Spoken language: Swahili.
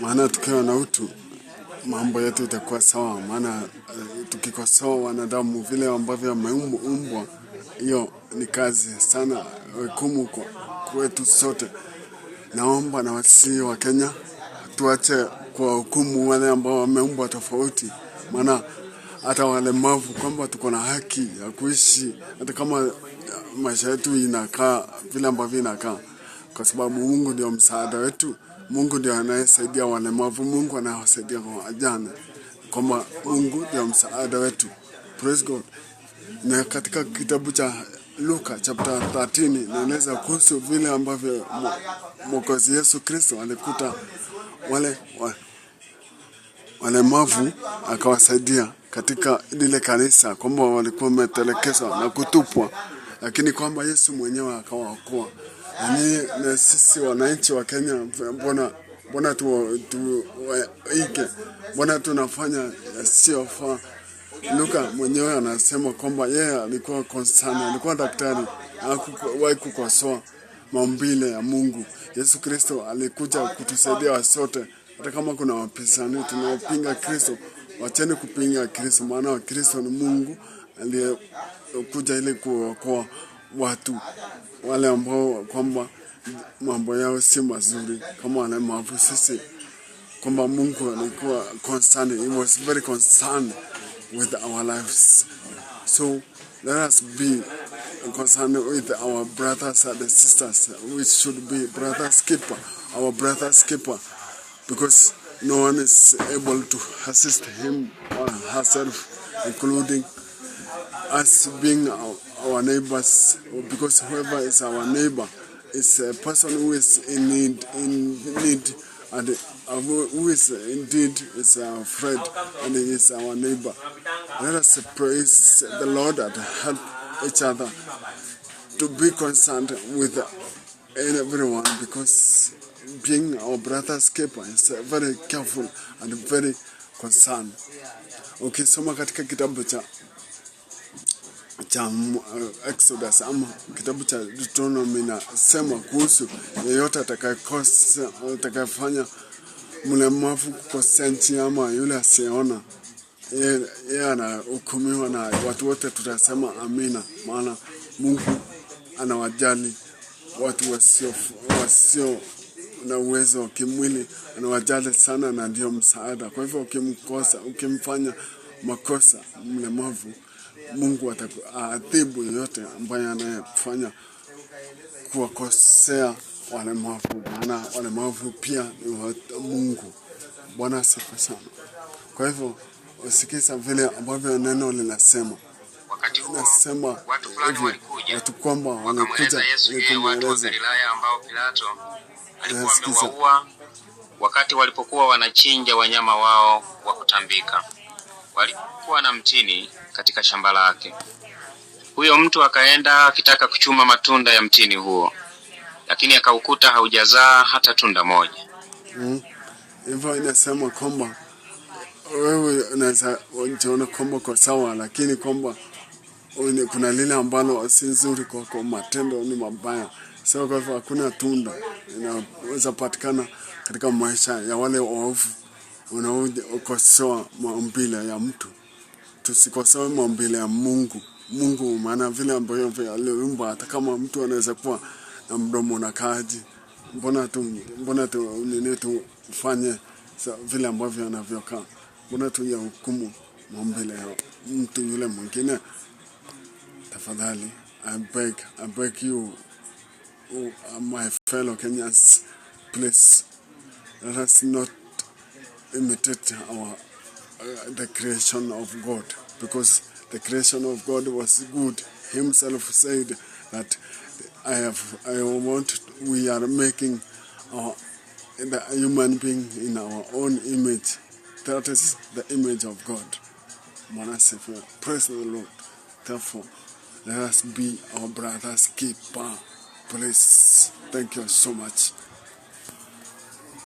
maana tukiwa na utu mambo yetu itakuwa sawa, maana uh, eh, tukikosoa wanadamu vile ambavyo wameumbwa, hiyo ni kazi sana hukumu kwa kwetu sote. Naomba na wasii wa Kenya tuache kwa hukumu wale ambao wameumbwa tofauti, maana hata walemavu kwamba tuko na haki ya kuishi hata kama eh, maisha yetu inakaa vile ambavyo inakaa, kwa sababu Mungu ndio msaada wetu. Mungu ndio anayesaidia walemavu, Mungu anawasaidia wajane, kwamba Mungu ndio msaada wetu. Praise God. Na katika kitabu cha Luka chapter 13 inaeleza kuhusu vile ambavyo Mwokozi Yesu Kristo alikuta wale walemavu akawasaidia katika lile kanisa, kwamba walikuwa wametelekezwa na kutupwa, lakini kwamba Yesu mwenyewe akawaokoa yani na sisi wananchi wa Kenya, mbona mbona tu, tu ike mbona tunafanya yasiyofaa? Luka mwenyewe anasema kwamba yeye yeah, alikuwa konsani, alikuwa daktari, hakuwahi kukosoa maumbile ya Mungu. Yesu Kristo alikuja kutusaidia wasote hata kama kuna wapinzani tunaopinga Kristo, wacheni kupinga Kristo, maana Kristo ni Mungu aliyekuja ili kuokoa watu wale ambao kwamba mambo yao si mazuri kama wana sisi kwamba Mungu alikuwa concerned, he was very concerned with our lives. So let us be concerned with our brothers and sisters, We should be brothers keeper, our brothers keeper, because no one is able to assist him or herself, including us being our our neighbors because whoever is our neighbor is a person who is in need, in need and uh, who is indeed is our friend and he is our neighbor. Let us praise the Lord and help each other to be concerned with everyone because being our brother's keeper is very careful and very concerned. Ukisoma okay, katika kitabu cha cha uh, Exodus ama kitabu cha Deuteronomy inasema kuhusu yeyote atakayekosa atakayefanya mlemavu kukosea nchi ama yule asiyeona yeye anahukumiwa, na watu wote tutasema amina, maana Mungu anawajali watu wasio wasio na uwezo wa kimwili, anawajali sana, na ndio msaada. Kwa hivyo ukimkosa, ukimfanya makosa mlemavu Mungu ataadhibu yoyote ambaye anayefanya kuwakosea walemavu, maana walemavu pia ni wa Mungu. Bwana asifiwe sana. Kwa hivyo usikiza vile ambavyo neno linasema nasema watu kwamba wanakuja wakati walipokuwa wanachinja wanyama wao wa kutambika walikuwa na mtini katika shamba lake. Huyo mtu akaenda akitaka kuchuma matunda ya mtini huo, lakini akaukuta haujazaa hata tunda moja. Hmm. Hivyo hmm, inasema kwamba wewe unaweza jiona kwamba kwa sawa, lakini kwamba kuna lile ambalo si nzuri kwako, matendo ni mabaya. So kwa hivyo hakuna tunda inaweza patikana katika maisha ya wale waovu. unaokosoa maumbile ya mtu. Tusikosoe maumbile ya Mungu Mungu, maana vile ambavyo aliumba, hata kama mtu anaweza kuwa na mdomo na kaji, mbona tu mbona tu nini tufanye vile ambavyo anavyokaa, mbona tu ya hukumu maumbile ya mtu yule mwingine. Tafadhali, I beg, I beg you, oh, my fellow Kenyans, please let us not imitate our uh, the creation of God because the creation of God was good. Himself said that I have I want we are making our uh, the human being in our own image. That is the image of God. praise the Lord. Therefore, let us be our brother's keeper. Please, thank you so much.